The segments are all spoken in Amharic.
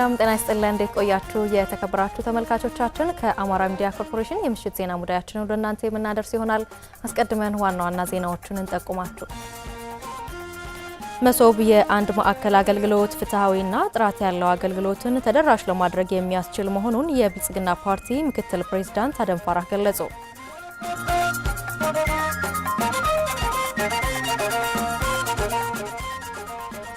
ሰላም ጤና ይስጥልን። እንዴት ቆያችሁ? የተከበራችሁ ተመልካቾቻችን ከአማራ ሚዲያ ኮርፖሬሽን የምሽት ዜና ሙዳያችን ወደ እናንተ የምናደርስ ይሆናል። አስቀድመን ዋና ዋና ዜናዎቹን እንጠቁማችሁ። መሶብ የአንድ ማዕከል አገልግሎት ፍትሐዊና ጥራት ያለው አገልግሎትን ተደራሽ ለማድረግ የሚያስችል መሆኑን የብልጽግና ፓርቲ ምክትል ፕሬዚዳንት አደም ፋራህ ገለጹ።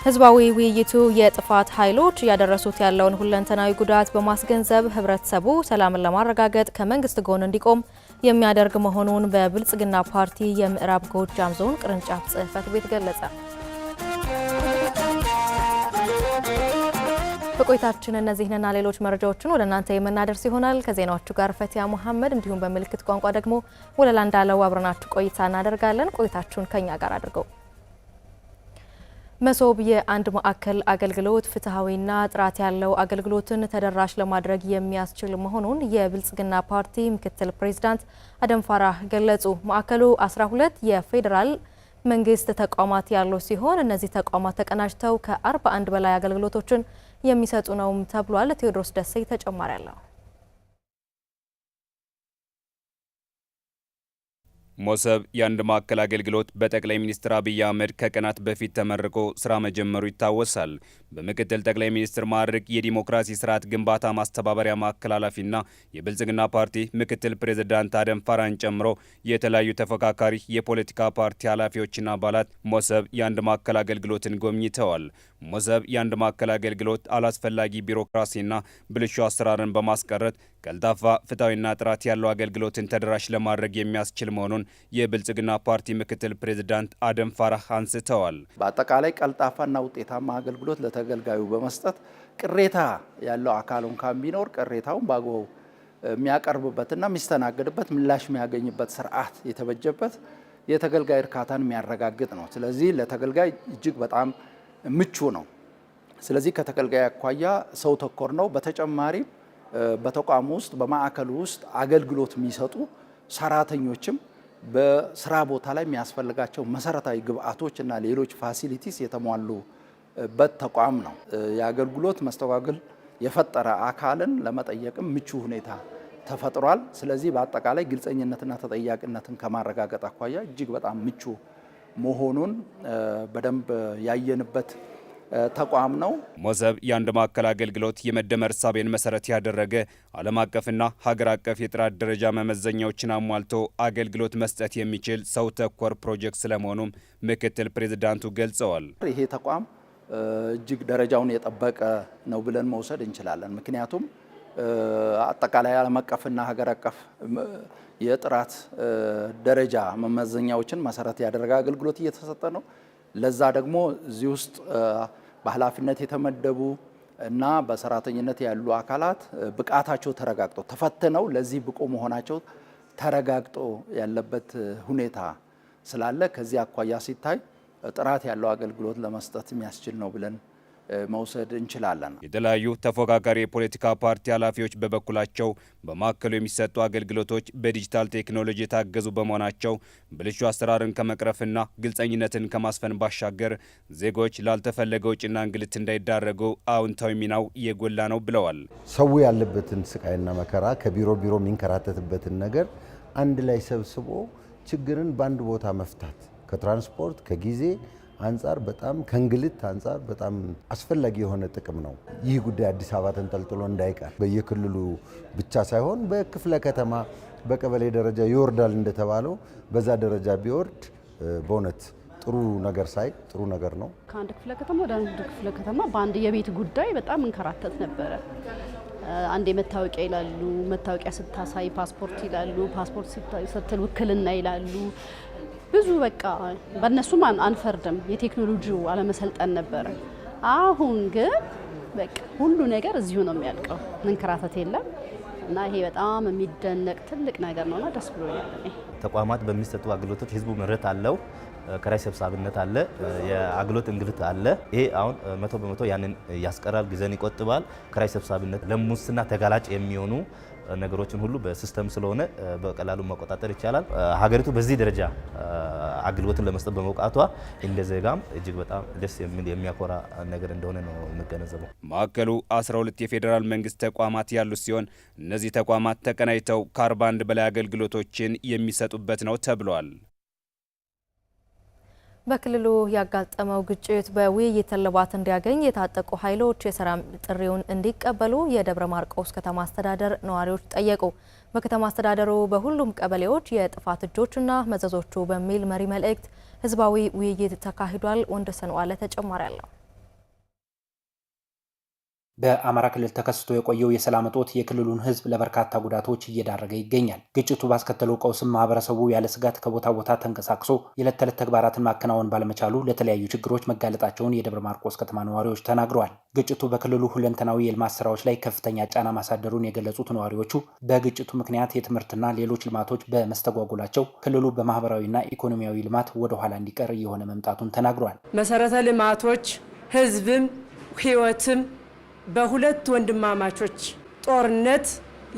ህዝባዊ ውይይቱ የጥፋት ኃይሎች እያደረሱት ያለውን ሁለንተናዊ ጉዳት በማስገንዘብ ህብረተሰቡ ሰላምን ለማረጋገጥ ከመንግስት ጎን እንዲቆም የሚያደርግ መሆኑን በብልጽግና ፓርቲ የምዕራብ ጎጃም ዞን ቅርንጫፍ ጽህፈት ቤት ገለጸ። በቆይታችን እነዚህንና ሌሎች መረጃዎችን ወደ እናንተ የምናደርስ ይሆናል። ከዜናዎቹ ጋር ፈቲያ ሙሐመድ፣ እንዲሁም በምልክት ቋንቋ ደግሞ ወለላ እንዳለው አብረናችሁ ቆይታ እናደርጋለን። ቆይታችሁን ከኛ ጋር አድርገው መሶብ የአንድ ማዕከል አገልግሎት ፍትሐዊና ጥራት ያለው አገልግሎትን ተደራሽ ለማድረግ የሚያስችል መሆኑን የብልጽግና ፓርቲ ምክትል ፕሬዚዳንት አደም ፋራህ ገለጹ። ማዕከሉ 12 የፌዴራል መንግስት ተቋማት ያሉ ሲሆን እነዚህ ተቋማት ተቀናጅተው ከ41 በላይ አገልግሎቶችን የሚሰጡ ነውም ተብሏል። ቴዎድሮስ ደሴ ተጨማሪ አለው። ሞሰብ የአንድ ማዕከል አገልግሎት በጠቅላይ ሚኒስትር አብይ አህመድ ከቀናት በፊት ተመርቆ ስራ መጀመሩ ይታወሳል። በምክትል ጠቅላይ ሚኒስትር ማዕረግ የዲሞክራሲ ስርዓት ግንባታ ማስተባበሪያ ማዕከል ኃላፊና የብልጽግና ፓርቲ ምክትል ፕሬዝዳንት አደም ፋራን ጨምሮ የተለያዩ ተፎካካሪ የፖለቲካ ፓርቲ ኃላፊዎችና አባላት ሞሰብ የአንድ ማዕከል አገልግሎትን ጎብኝተዋል። ሞሰብ የአንድ ማዕከል አገልግሎት አላስፈላጊ ቢሮክራሲና ብልሹ አሰራርን በማስቀረት ቀልጣፋ ፍትሐዊና ጥራት ያለው አገልግሎትን ተደራሽ ለማድረግ የሚያስችል መሆኑን የብልጽግና ፓርቲ ምክትል ፕሬዚዳንት አደም ፋራህ አንስተዋል። በአጠቃላይ ቀልጣፋና ውጤታማ አገልግሎት ለተገልጋዩ በመስጠት ቅሬታ ያለው አካሉን ካም ቢኖር ቅሬታውን በአግባቡ የሚያቀርብበትና የሚስተናገድበት ምላሽ የሚያገኝበት ስርዓት የተበጀበት የተገልጋይ እርካታን የሚያረጋግጥ ነው። ስለዚህ ለተገልጋይ እጅግ በጣም ምቹ ነው። ስለዚህ ከተገልጋይ አኳያ ሰው ተኮር ነው። በተጨማሪም በተቋሙ ውስጥ በማዕከሉ ውስጥ አገልግሎት የሚሰጡ ሰራተኞችም በስራ ቦታ ላይ የሚያስፈልጋቸው መሰረታዊ ግብአቶች እና ሌሎች ፋሲሊቲስ የተሟሉበት ተቋም ነው። የአገልግሎት መስተጓግል የፈጠረ አካልን ለመጠየቅም ምቹ ሁኔታ ተፈጥሯል። ስለዚህ በአጠቃላይ ግልጸኝነትና ተጠያቂነትን ከማረጋገጥ አኳያ እጅግ በጣም ምቹ መሆኑን በደንብ ያየንበት ተቋም ነው። ሞዘብ የአንድ ማዕከል አገልግሎት የመደመር ሳቤን መሰረት ያደረገ ዓለም አቀፍና ሀገር አቀፍ የጥራት ደረጃ መመዘኛዎችን አሟልቶ አገልግሎት መስጠት የሚችል ሰው ተኮር ፕሮጀክት ስለመሆኑም ምክትል ፕሬዚዳንቱ ገልጸዋል። ይሄ ተቋም እጅግ ደረጃውን የጠበቀ ነው ብለን መውሰድ እንችላለን። ምክንያቱም አጠቃላይ ዓለም አቀፍና ሀገር አቀፍ የጥራት ደረጃ መመዘኛዎችን መሰረት ያደረገ አገልግሎት እየተሰጠ ነው። ለዛ ደግሞ እዚህ ውስጥ በኃላፊነት የተመደቡ እና በሰራተኝነት ያሉ አካላት ብቃታቸው ተረጋግጦ ተፈትነው ለዚህ ብቁ መሆናቸው ተረጋግጦ ያለበት ሁኔታ ስላለ ከዚህ አኳያ ሲታይ ጥራት ያለው አገልግሎት ለመስጠት የሚያስችል ነው ብለን መውሰድ እንችላለን። የተለያዩ ተፎካካሪ የፖለቲካ ፓርቲ ኃላፊዎች በበኩላቸው በማዕከሉ የሚሰጡ አገልግሎቶች በዲጂታል ቴክኖሎጂ የታገዙ በመሆናቸው ብልሹ አሰራርን ከመቅረፍና ግልጸኝነትን ከማስፈን ባሻገር ዜጎች ላልተፈለገ ውጭና እንግልት እንዳይዳረጉ አዎንታዊ ሚናው የጎላ ነው ብለዋል። ሰው ያለበትን ስቃይና መከራ ከቢሮ ቢሮ የሚንከራተትበትን ነገር አንድ ላይ ሰብስቦ ችግርን በአንድ ቦታ መፍታት ከትራንስፖርት ከጊዜ አንጻር በጣም ከእንግልት አንጻር በጣም አስፈላጊ የሆነ ጥቅም ነው። ይህ ጉዳይ አዲስ አበባ ተንጠልጥሎ እንዳይቀር በየክልሉ ብቻ ሳይሆን በክፍለ ከተማ በቀበሌ ደረጃ ይወርዳል እንደተባለው በዛ ደረጃ ቢወርድ በእውነት ጥሩ ነገር ሳይ ጥሩ ነገር ነው። ከአንድ ክፍለ ከተማ ወደ አንድ ክፍለ ከተማ በአንድ የቤት ጉዳይ በጣም እንከራተት ነበረ። አንዴ መታወቂያ ይላሉ፣ መታወቂያ ስታሳይ ፓስፖርት ይላሉ፣ ፓስፖርት ስትል ውክልና ይላሉ። ብዙ በቃ በእነሱም አንፈርድም። የቴክኖሎጂው አለመሰልጠን ነበረ። አሁን ግን በቃ ሁሉ ነገር እዚሁ ነው የሚያልቀው፣ መንከራተት የለም እና ይሄ በጣም የሚደነቅ ትልቅ ነገር ነውና ደስ ብሎኛል። ተቋማት በሚሰጡ አገልግሎቶች ህዝቡ ምረት አለው፣ ከራይ ሰብሳቢነት አለ፣ የአገልግሎት እንግልት አለ። ይሄ አሁን መቶ በመቶ ያንን ያስቀራል፣ ጊዜን ይቆጥባል። ከራይ ሰብሳቢነት ለሙስና ተጋላጭ የሚሆኑ ነገሮችን ሁሉ በሲስተም ስለሆነ በቀላሉ መቆጣጠር ይቻላል። ሀገሪቱ በዚህ ደረጃ አገልግሎትን ለመስጠት በመውቃቷ እንደ ዜጋም እጅግ በጣም ደስ የሚል የሚያኮራ ነገር እንደሆነ ነው የምገነዘበው። ማዕከሉ 12 የፌዴራል መንግስት ተቋማት ያሉት ሲሆን እነዚህ ተቋማት ተቀናጅተው ከ41 በላይ አገልግሎቶችን የሚሰጡበት ነው ተብሏል። በክልሉ ያጋጠመው ግጭት በውይይት እልባት እንዲያገኝ የታጠቁ ኃይሎች የሰላም ጥሪውን እንዲቀበሉ የደብረ ማርቆስ ከተማ አስተዳደር ነዋሪዎች ጠየቁ። በከተማ አስተዳደሩ በሁሉም ቀበሌዎች የጥፋት እጆችና መዘዞቹ በሚል መሪ መልእክት ህዝባዊ ውይይት ተካሂዷል። ወንድ ዋለ ተጨማሪ አለው። በአማራ ክልል ተከስቶ የቆየው የሰላም እጦት የክልሉን ሕዝብ ለበርካታ ጉዳቶች እየዳረገ ይገኛል። ግጭቱ ባስከተለው ቀውስም ማህበረሰቡ ያለ ስጋት ከቦታ ቦታ ተንቀሳቅሶ የዕለት ተዕለት ተግባራትን ማከናወን ባለመቻሉ ለተለያዩ ችግሮች መጋለጣቸውን የደብረ ማርቆስ ከተማ ነዋሪዎች ተናግረዋል። ግጭቱ በክልሉ ሁለንተናዊ የልማት ስራዎች ላይ ከፍተኛ ጫና ማሳደሩን የገለጹት ነዋሪዎቹ በግጭቱ ምክንያት የትምህርትና ሌሎች ልማቶች በመስተጓጎላቸው ክልሉ በማህበራዊና ኢኮኖሚያዊ ልማት ወደኋላ እንዲቀር እየሆነ መምጣቱን ተናግረዋል። መሰረተ ልማቶች ህዝብም ህይወትም በሁለት ወንድማማቾች ጦርነት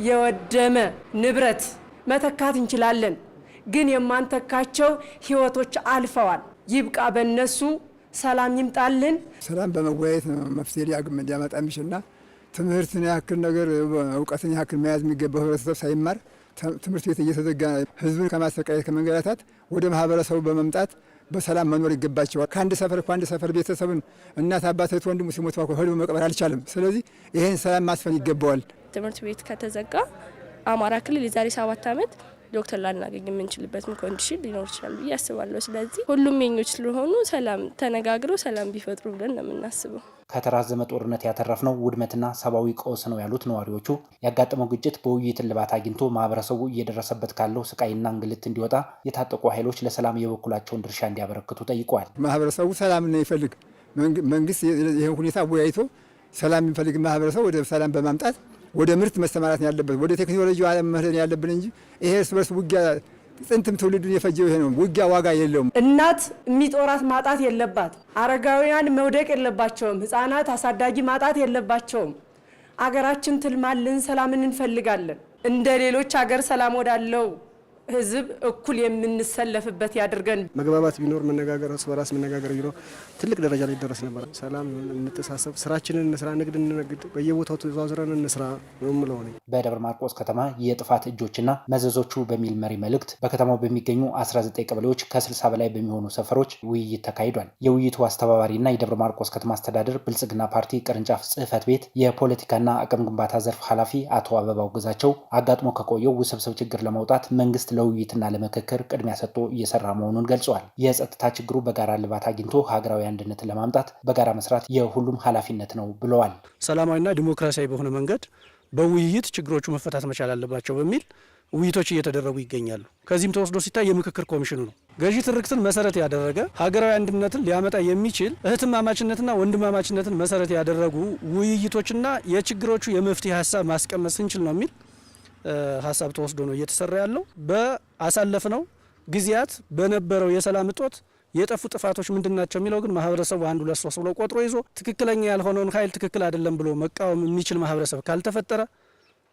የወደመ ንብረት መተካት እንችላለን፣ ግን የማንተካቸው ህይወቶች አልፈዋል። ይብቃ በነሱ ሰላም ይምጣልን። ሰላም በመወያየት ነው መፍትሄ ሊያመጣ የሚችልና ትምህርትን ያክል ነገር እውቀትን ያክል መያዝ የሚገባው ህብረተሰብ ሳይማር ትምህርት ቤት እየተዘጋ ህዝብን ከማሰቃየት ከመንገላታት ወደ ማህበረሰቡ በመምጣት በሰላም መኖር ይገባቸዋል። ከአንድ ሰፈር ከአንድ ሰፈር ቤተሰብን እናት አባት እህት ወንድሙ ሲሞት ባኮ ሄዶ መቅበር አልቻለም። ስለዚህ ይህን ሰላም ማስፈን ይገባዋል። ትምህርት ቤት ከተዘጋ አማራ ክልል የዛሬ ሰባት ዓመት ዶክተር ላናገኝ የምንችልበት ኮንዲሽን ሊኖር ይችላል ብዬ አስባለሁ። ስለዚህ ሁሉም የኞች ስለሆኑ ሰላም ተነጋግረው ሰላም ቢፈጥሩ ብለን ነው የምናስበው። ከተራዘመ ጦርነት ያተረፍነው ውድመትና ሰብአዊ ቀውስ ነው ያሉት ነዋሪዎቹ ያጋጠመው ግጭት በውይይት እልባት አግኝቶ ማህበረሰቡ እየደረሰበት ካለው ስቃይና እንግልት እንዲወጣ የታጠቁ ኃይሎች ለሰላም የበኩላቸውን ድርሻ እንዲያበረክቱ ጠይቀዋል። ማህበረሰቡ ሰላም ነው ይፈልግ መንግስት ይህን ሁኔታ አወያይቶ ሰላም የሚፈልግ ማህበረሰብ ወደ ሰላም በማምጣት ወደ ምርት መሰማራት ያለበት ወደ ቴክኖሎጂ ዓለም መሄድ ያለብን እንጂ ይሄ እርስ በርስ ውጊያ ጥንትም ትውልዱን የፈጀው ይሄ ነው። ውጊያ ዋጋ የለውም። እናት የሚጦራት ማጣት የለባት። አረጋውያን መውደቅ የለባቸውም። ህፃናት አሳዳጊ ማጣት የለባቸውም። አገራችን ትልማልን፣ ሰላምን እንፈልጋለን። እንደ ሌሎች አገር ሰላም ወዳለው ህዝብ እኩል የምንሰለፍበት ያድርገን። መግባባት ቢኖር መነጋገር፣ እርስ በራስ መነጋገር ቢኖር ትልቅ ደረጃ ላይ ደረስ ነበር። ሰላም፣ እንተሳሰብ፣ ስራችንን እንስራ፣ ንግድ እንነግድ፣ በየቦታው ተዘዋዝረን እንስራ ነው የምለው። በደብረ ማርቆስ ከተማ የጥፋት እጆችና መዘዞቹ በሚል መሪ መልእክት በከተማው በሚገኙ 19 ቀበሌዎች ከ60 በላይ በሚሆኑ ሰፈሮች ውይይት ተካሂዷል። የውይይቱ አስተባባሪና የደብረ ማርቆስ ከተማ አስተዳደር ብልጽግና ፓርቲ ቅርንጫፍ ጽህፈት ቤት የፖለቲካና አቅም ግንባታ ዘርፍ ኃላፊ አቶ አበባው ግዛቸው አጋጥሞ ከቆየው ውስብስብ ችግር ለመውጣት መንግስት ለውይይትና ለምክክር ቅድሚያ ሰጥቶ እየሰራ መሆኑን ገልጿል። የጸጥታ ችግሩ በጋራ ልባት አግኝቶ ሀገራዊ አንድነትን ለማምጣት በጋራ መስራት የሁሉም ኃላፊነት ነው ብለዋል። ሰላማዊና ዲሞክራሲያዊ በሆነ መንገድ በውይይት ችግሮቹ መፈታት መቻል አለባቸው በሚል ውይይቶች እየተደረጉ ይገኛሉ። ከዚህም ተወስዶ ሲታይ የምክክር ኮሚሽኑ ነው ገዢ ትርክትን መሰረት ያደረገ ሀገራዊ አንድነትን ሊያመጣ የሚችል እህትማማችነትና ወንድማማችነትን መሰረት ያደረጉ ውይይቶችና የችግሮቹ የመፍትሄ ሀሳብ ማስቀመጥ ስንችል ነው የሚል ሀሳብ ተወስዶ ነው እየተሰራ ያለው። ነው ጊዜያት በነበረው የሰላም እጦት የጠፉ ጥፋቶች ምንድን ናቸው የሚለው ግን ማህበረሰቡ አንድ ሁለት ሶስት ብሎ ቆጥሮ ይዞ ትክክለኛ ያልሆነውን ኃይል ትክክል አይደለም ብሎ መቃወም የሚችል ማህበረሰብ ካልተፈጠረ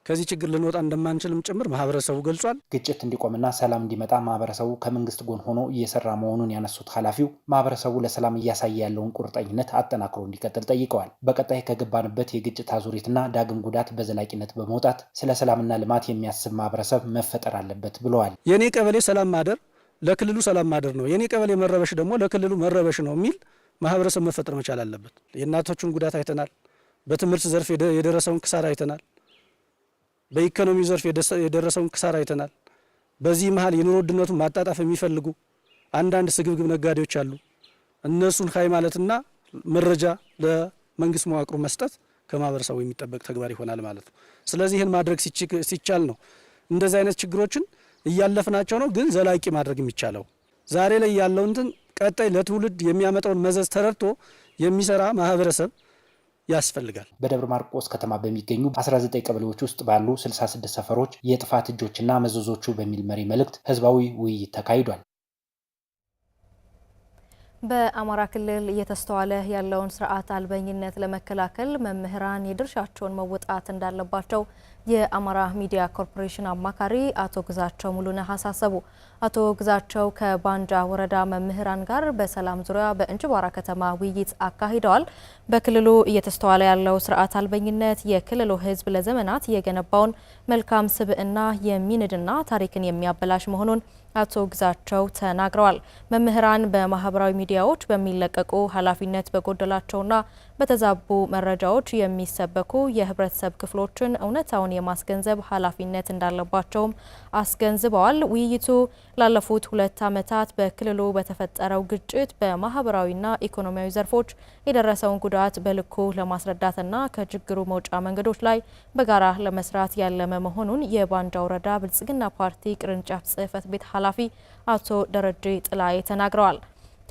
ከዚህ ችግር ልንወጣ እንደማንችልም ጭምር ማህበረሰቡ ገልጿል። ግጭት እንዲቆምና ሰላም እንዲመጣ ማህበረሰቡ ከመንግስት ጎን ሆኖ እየሰራ መሆኑን ያነሱት ኃላፊው ማህበረሰቡ ለሰላም እያሳየ ያለውን ቁርጠኝነት አጠናክሮ እንዲቀጥል ጠይቀዋል። በቀጣይ ከገባንበት የግጭት አዙሪትና ዳግም ጉዳት በዘላቂነት በመውጣት ስለ ሰላምና ልማት የሚያስብ ማህበረሰብ መፈጠር አለበት ብለዋል። የእኔ ቀበሌ ሰላም ማደር ለክልሉ ሰላም ማደር ነው፣ የእኔ ቀበሌ መረበሽ ደግሞ ለክልሉ መረበሽ ነው የሚል ማህበረሰብ መፈጠር መቻል አለበት። የእናቶችን ጉዳት አይተናል። በትምህርት ዘርፍ የደረሰውን ክሳር አይተናል። በኢኮኖሚ ዘርፍ የደረሰውን ክሳራ አይተናል። በዚህ መሀል የኑሮ ውድነቱን ማጣጣፍ የሚፈልጉ አንዳንድ ስግብግብ ነጋዴዎች አሉ። እነሱን ሀይ ማለትና መረጃ ለመንግስት መዋቅሩ መስጠት ከማህበረሰቡ የሚጠበቅ ተግባር ይሆናል ማለት ነው። ስለዚህ ይህን ማድረግ ሲቻል ነው እንደዚህ አይነት ችግሮችን እያለፍናቸው ነው፣ ግን ዘላቂ ማድረግ የሚቻለው ዛሬ ላይ ያለውን ቀጣይ ለትውልድ የሚያመጣውን መዘዝ ተረድቶ የሚሰራ ማህበረሰብ ያስፈልጋል። በደብረ ማርቆስ ከተማ በሚገኙ 19 ቀበሌዎች ውስጥ ባሉ 66 ሰፈሮች የጥፋት እጆችና መዘዞቹ በሚል መሪ መልእክት ህዝባዊ ውይይት ተካሂዷል። በአማራ ክልል እየተስተዋለ ያለውን ስርዓት አልበኝነት ለመከላከል መምህራን የድርሻቸውን መወጣት እንዳለባቸው የአማራ ሚዲያ ኮርፖሬሽን አማካሪ አቶ ግዛቸው ሙሉነህ አሳሰቡ። አቶ ግዛቸው ከባንጃ ወረዳ መምህራን ጋር በሰላም ዙሪያ በእንጅባራ ከተማ ውይይት አካሂደዋል። በክልሉ እየተስተዋለ ያለው ስርዓት አልበኝነት የክልሉ ሕዝብ ለዘመናት የገነባውን መልካም ስብዕና የሚንድና ታሪክን የሚያበላሽ መሆኑን አቶ ግዛቸው ተናግረዋል። መምህራን በማህበራዊ ሚዲያዎች በሚለቀቁ ኃላፊነት በጎደላቸውና በተዛቡ መረጃዎች የሚሰበኩ የህብረተሰብ ክፍሎችን እውነታውን የማስገንዘብ ኃላፊነት እንዳለባቸውም አስገንዝበዋል። ውይይቱ ላለፉት ሁለት ዓመታት በክልሉ በተፈጠረው ግጭት በማህበራዊና ኢኮኖሚያዊ ዘርፎች የደረሰውን ጉዳት በልኩ ለማስረዳትና ከችግሩ መውጫ መንገዶች ላይ በጋራ ለመስራት ያለመ መሆኑን የባንጃ ወረዳ ብልጽግና ፓርቲ ቅርንጫፍ ጽህፈት ቤት ኃላፊ አቶ ደረጀ ጥላዬ ተናግረዋል።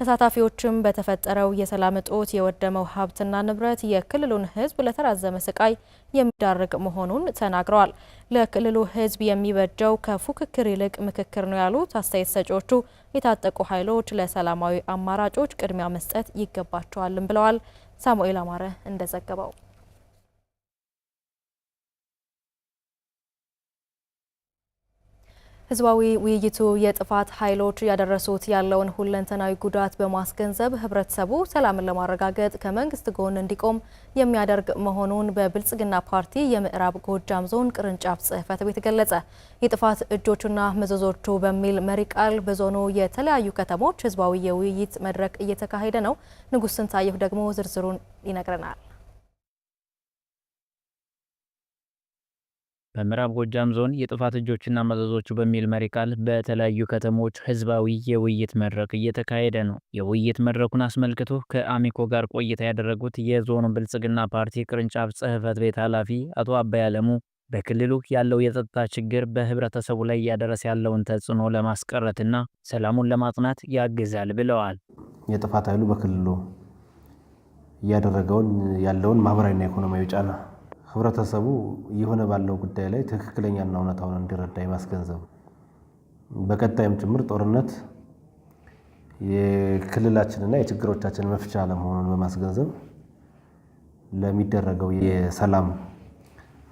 ተሳታፊዎችም በተፈጠረው የሰላም እጦት የወደመው ሀብትና ንብረት የክልሉን ሕዝብ ለተራዘመ ስቃይ የሚዳርግ መሆኑን ተናግረዋል። ለክልሉ ሕዝብ የሚበጀው ከፉክክር ይልቅ ምክክር ነው ያሉት አስተያየት ሰጪዎቹ የታጠቁ ኃይሎች ለሰላማዊ አማራጮች ቅድሚያ መስጠት ይገባቸዋልም ብለዋል። ሳሙኤል አማረ እንደዘገበው ህዝባዊ ውይይቱ የጥፋት ኃይሎች እያደረሱት ያለውን ሁለንተናዊ ጉዳት በማስገንዘብ ህብረተሰቡ ሰላምን ለማረጋገጥ ከመንግስት ጎን እንዲቆም የሚያደርግ መሆኑን በብልጽግና ፓርቲ የምዕራብ ጎጃም ዞን ቅርንጫፍ ጽህፈት ቤት ገለጸ። የጥፋት እጆቹና መዘዞቹ በሚል መሪ ቃል በዞኑ የተለያዩ ከተሞች ህዝባዊ የውይይት መድረክ እየተካሄደ ነው። ንጉስ ስንታየሁ ደግሞ ዝርዝሩን ይነግረናል። በምዕራብ ጎጃም ዞን የጥፋት እጆችና መዘዞቹ በሚል መሪ ቃል በተለያዩ ከተሞች ህዝባዊ የውይይት መድረክ እየተካሄደ ነው። የውይይት መድረኩን አስመልክቶ ከአሚኮ ጋር ቆይታ ያደረጉት የዞኑ ብልጽግና ፓርቲ ቅርንጫፍ ጽህፈት ቤት ኃላፊ አቶ አባይ አለሙ በክልሉ ያለው የጸጥታ ችግር በህብረተሰቡ ላይ እያደረሰ ያለውን ተጽዕኖ ለማስቀረትና ሰላሙን ለማጽናት ያግዛል ብለዋል። የጥፋት ኃይሉ በክልሉ እያደረገውን ያለውን ማህበራዊና ኢኮኖሚያዊ ጫና ህብረተሰቡ እየሆነ ባለው ጉዳይ ላይ ትክክለኛና እውነታውን እንዲረዳ የማስገንዘብ በቀጣይም ጭምር ጦርነት የክልላችንና የችግሮቻችን መፍቻ ለመሆኑን በማስገንዘብ ለሚደረገው የሰላም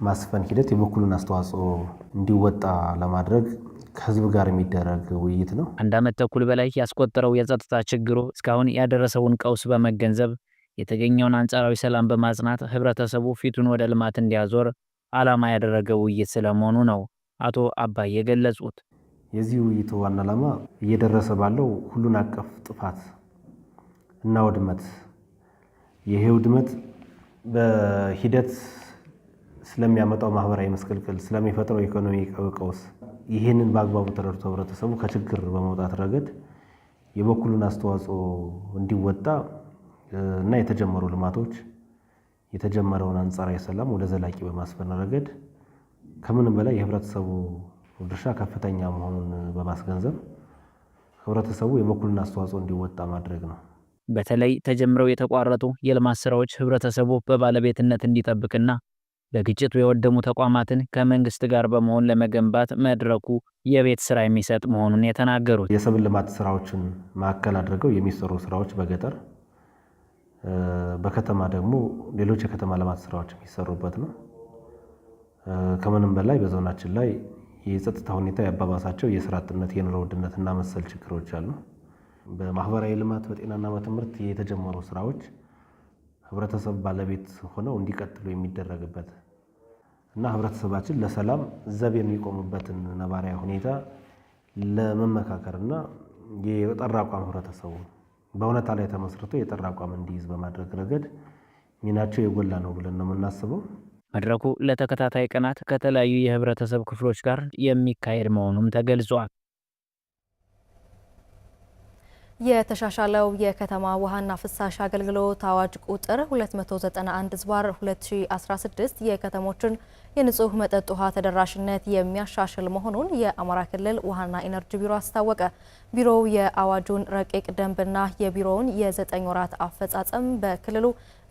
ማስፈን ሂደት የበኩሉን አስተዋጽኦ እንዲወጣ ለማድረግ ከህዝብ ጋር የሚደረግ ውይይት ነው። አንድ ዓመት ተኩል በላይ ያስቆጠረው የጸጥታ ችግሩ እስካሁን ያደረሰውን ቀውስ በመገንዘብ የተገኘውን አንጻራዊ ሰላም በማጽናት ህብረተሰቡ ፊቱን ወደ ልማት እንዲያዞር ዓላማ ያደረገ ውይይት ስለመሆኑ ነው አቶ አባይ የገለጹት። የዚህ ውይይቱ ዋና ዓላማ እየደረሰ ባለው ሁሉን አቀፍ ጥፋት እና ውድመት ይሄ ውድመት በሂደት ስለሚያመጣው ማህበራዊ መስቀልቅል ስለሚፈጥረው ኢኮኖሚ ቀውስ ይህንን በአግባቡ ተረድቶ ህብረተሰቡ ከችግር በመውጣት ረገድ የበኩሉን አስተዋጽኦ እንዲወጣ እና የተጀመሩ ልማቶች የተጀመረውን አንጻራዊ ሰላም ወደ ዘላቂ በማስፈን ረገድ ከምንም በላይ የህብረተሰቡ ድርሻ ከፍተኛ መሆኑን በማስገንዘብ ህብረተሰቡ የበኩልን አስተዋጽኦ እንዲወጣ ማድረግ ነው። በተለይ ተጀምረው የተቋረጡ የልማት ስራዎች ህብረተሰቡ በባለቤትነት እንዲጠብቅና በግጭቱ የወደሙ ተቋማትን ከመንግስት ጋር በመሆን ለመገንባት መድረኩ የቤት ስራ የሚሰጥ መሆኑን የተናገሩት የሰብል ልማት ስራዎችን ማዕከል አድርገው የሚሰሩ ስራዎች በገጠር በከተማ ደግሞ ሌሎች የከተማ ልማት ስራዎች የሚሰሩበት ነው። ከምንም በላይ በዞናችን ላይ የጸጥታ ሁኔታ ያባባሳቸው የስራ አጥነት፣ የኑሮ ውድነት እና መሰል ችግሮች አሉ። በማህበራዊ ልማት፣ በጤናና በትምህርት የተጀመሩ ስራዎች ህብረተሰብ ባለቤት ሆነው እንዲቀጥሉ የሚደረግበት እና ህብረተሰባችን ለሰላም ዘብ የሚቆምበትን ነባሪያ ሁኔታ ለመመካከር እና የጠራ አቋም ህብረተሰቡ በእውነታ ላይ ተመስርቶ የጠራ አቋም እንዲይዝ በማድረግ ረገድ ሚናቸው የጎላ ነው ብለን ነው የምናስበው። መድረኩ ለተከታታይ ቀናት ከተለያዩ የህብረተሰብ ክፍሎች ጋር የሚካሄድ መሆኑም ተገልጿል። የተሻሻለው የከተማ ውሃና ፍሳሽ አገልግሎት አዋጅ ቁጥር 291 ዝባር 2016 የከተሞችን የንጹህ መጠጥ ውሃ ተደራሽነት የሚያሻሽል መሆኑን የአማራ ክልል ውሃና ኢነርጂ ቢሮ አስታወቀ። ቢሮው የአዋጁን ረቂቅ ደንብና የቢሮውን የዘጠኝ ወራት አፈጻጸም በክልሉ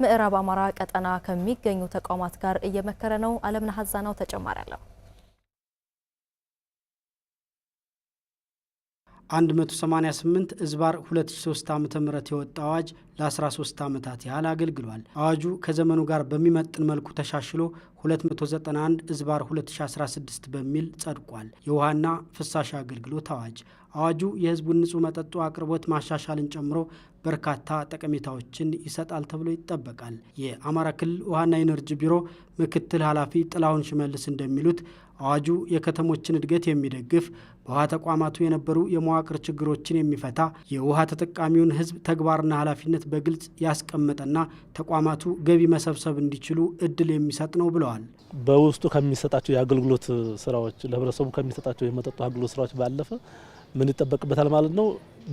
ምዕራብ አማራ ቀጠና ከሚገኙ ተቋማት ጋር እየመከረ ነው። አለምነህ ሀዛናው ተጨማሪ አለው። 188 እዝባር 2003 ዓ ም የወጣ አዋጅ ለ13 ዓመታት ያህል አገልግሏል። አዋጁ ከዘመኑ ጋር በሚመጥን መልኩ ተሻሽሎ 291 እዝባር 2016 በሚል ጸድቋል። የውሃና ፍሳሽ አገልግሎት አዋጅ አዋጁ የህዝቡን ንጹህ መጠጡ አቅርቦት ማሻሻልን ጨምሮ በርካታ ጠቀሜታዎችን ይሰጣል ተብሎ ይጠበቃል። የአማራ ክልል ውሃና ኢነርጂ ቢሮ ምክትል ኃላፊ ጥላሁን ሽመልስ እንደሚሉት አዋጁ የከተሞችን እድገት የሚደግፍ በውሃ ተቋማቱ የነበሩ የመዋቅር ችግሮችን የሚፈታ የውሃ ተጠቃሚውን ህዝብ ተግባርና ኃላፊነት በግልጽ ያስቀመጠና ተቋማቱ ገቢ መሰብሰብ እንዲችሉ እድል የሚሰጥ ነው ብለዋል። በውስጡ ከሚሰጣቸው የአገልግሎት ስራዎች ለህብረተሰቡ ከሚሰጣቸው የመጠጡ አገልግሎት ስራዎች ባለፈ ምን ይጠበቅበታል ማለት ነው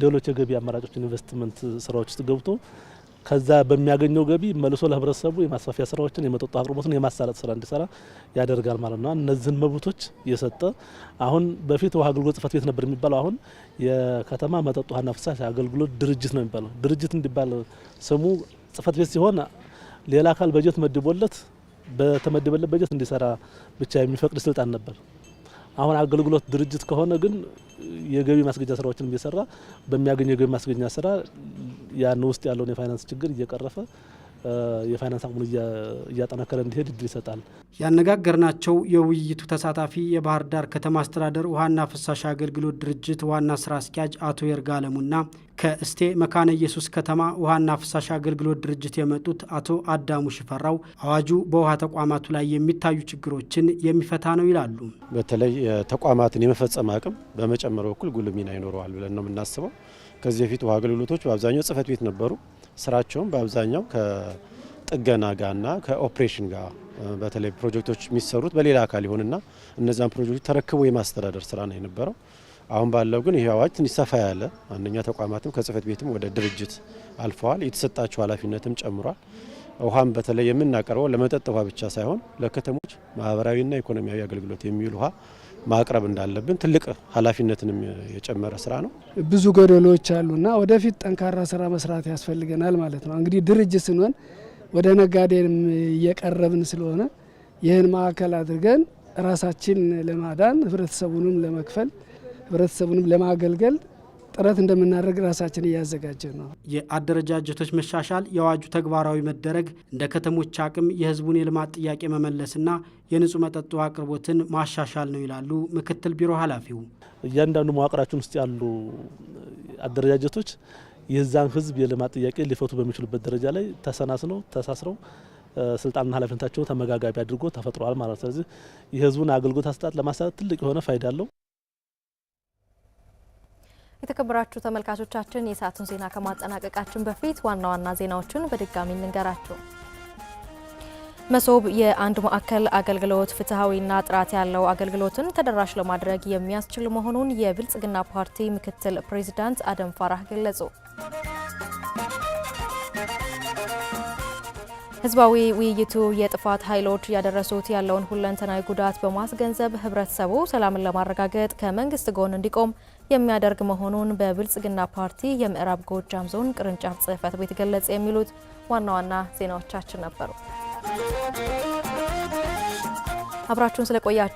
ሌሎች የገቢ አማራጮች ኢንቨስትመንት ስራዎች ውስጥ ገብቶ ከዛ በሚያገኘው ገቢ መልሶ ለህብረተሰቡ የማስፋፊያ ስራዎችን የመጠጥ አቅርቦትን የማሳለጥ ስራ እንዲሰራ ያደርጋል ማለት ነው። እነዚህን መብቶች የሰጠ አሁን በፊት ውሃ አገልግሎት ጽህፈት ቤት ነበር የሚባለው፣ አሁን የከተማ መጠጥ ውሃና ፍሳሽ አገልግሎት ድርጅት ነው የሚባለው። ድርጅት እንዲባል ስሙ ጽህፈት ቤት ሲሆን ሌላ አካል በጀት መድቦለት በተመደበለት በጀት እንዲሰራ ብቻ የሚፈቅድ ስልጣን ነበር። አሁን አገልግሎት ድርጅት ከሆነ ግን የገቢ ማስገኛ ስራዎችን እየሰራ በሚያገኘው የገቢ ማስገኛ ስራ ያን ውስጥ ያለውን የፋይናንስ ችግር እየቀረፈ የፋይናንስ አቅሙን እያጠናከረ እንዲሄድ እድል ይሰጣል። ያነጋገርናቸው የውይይቱ ተሳታፊ የባህር ዳር ከተማ አስተዳደር ውሃና ፍሳሽ አገልግሎት ድርጅት ዋና ስራ አስኪያጅ አቶ የርጋ አለሙና ከእስቴ መካነ ኢየሱስ ከተማ ውሃና ፍሳሽ አገልግሎት ድርጅት የመጡት አቶ አዳሙ ሽፈራው አዋጁ በውሃ ተቋማቱ ላይ የሚታዩ ችግሮችን የሚፈታ ነው ይላሉ። በተለይ ተቋማትን የመፈጸም አቅም በመጨመር በኩል ጉልህ ሚና ይኖረዋል ብለን ነው የምናስበው። ከዚህ በፊት ውሃ አገልግሎቶች በአብዛኛው ጽህፈት ቤት ነበሩ። ስራቸውም በአብዛኛው ከጥገና ጋርና ከኦፕሬሽን ጋር በተለይ ፕሮጀክቶች የሚሰሩት በሌላ አካል ይሆንና እነዚያን ፕሮጀክቶች ተረክቦ የማስተዳደር ስራ ነው የነበረው። አሁን ባለው ግን ይህ አዋጅ ትንሽ ሰፋ ያለ አንደኛ ተቋማትም ከጽህፈት ቤትም ወደ ድርጅት አልፈዋል። የተሰጣቸው ኃላፊነትም ጨምሯል። ውሃም በተለይ የምናቀርበው ለመጠጥ ውሃ ብቻ ሳይሆን ለከተሞች ማህበራዊና ኢኮኖሚያዊ አገልግሎት የሚውል ውሃ ማቅረብ እንዳለብን ትልቅ ኃላፊነትንም የጨመረ ስራ ነው። ብዙ ጎደሎች አሉና ወደፊት ጠንካራ ስራ መስራት ያስፈልገናል ማለት ነው። እንግዲህ ድርጅት ስንሆን ወደ ነጋዴንም እየቀረብን ስለሆነ ይህን ማዕከል አድርገን ራሳችን ለማዳን ህብረተሰቡንም ለመክፈል ህብረተሰቡንም ለማገልገል ጥረት እንደምናደርግ ራሳችን እያዘጋጀ ነው። የአደረጃጀቶች መሻሻል፣ የአዋጁ ተግባራዊ መደረግ እንደ ከተሞች አቅም የህዝቡን የልማት ጥያቄ መመለስና የንጹህ መጠጥ አቅርቦትን ማሻሻል ነው ይላሉ ምክትል ቢሮ ኃላፊው። እያንዳንዱ መዋቅራችን ውስጥ ያሉ አደረጃጀቶች የዛን ህዝብ የልማት ጥያቄ ሊፈቱ በሚችሉበት ደረጃ ላይ ተሰናስነው ተሳስረው ስልጣንና ኃላፊነታቸው ተመጋጋቢ አድርጎ ተፈጥሯል ማለት ነው። ስለዚህ የህዝቡን አገልግሎት አሰጣጥ ለማሳለጥ ትልቅ የሆነ ፋይዳ አለው። የተከበራችሁ ተመልካቾቻችን የሰዓቱን ዜና ከማጠናቀቃችን በፊት ዋና ዋና ዜናዎቹን በድጋሚ እንንገራችሁ። መሶብ የአንድ ማዕከል አገልግሎት ፍትሐዊና ጥራት ያለው አገልግሎትን ተደራሽ ለማድረግ የሚያስችል መሆኑን የብልጽግና ፓርቲ ምክትል ፕሬዚዳንት አደም ፋራህ ገለጹ። ህዝባዊ ውይይቱ የጥፋት ኃይሎች እያደረሱት ያለውን ሁለንተናዊ ጉዳት በማስገንዘብ ህብረተሰቡ ሰላምን ለማረጋገጥ ከመንግስት ጎን እንዲቆም የሚያደርግ መሆኑን በብልጽግና ፓርቲ የምዕራብ ጎጃም ዞን ቅርንጫፍ ጽህፈት ቤት ገለጸ። የሚሉት ዋና ዋና ዜናዎቻችን ነበሩ። አብራችሁን ስለቆያችሁ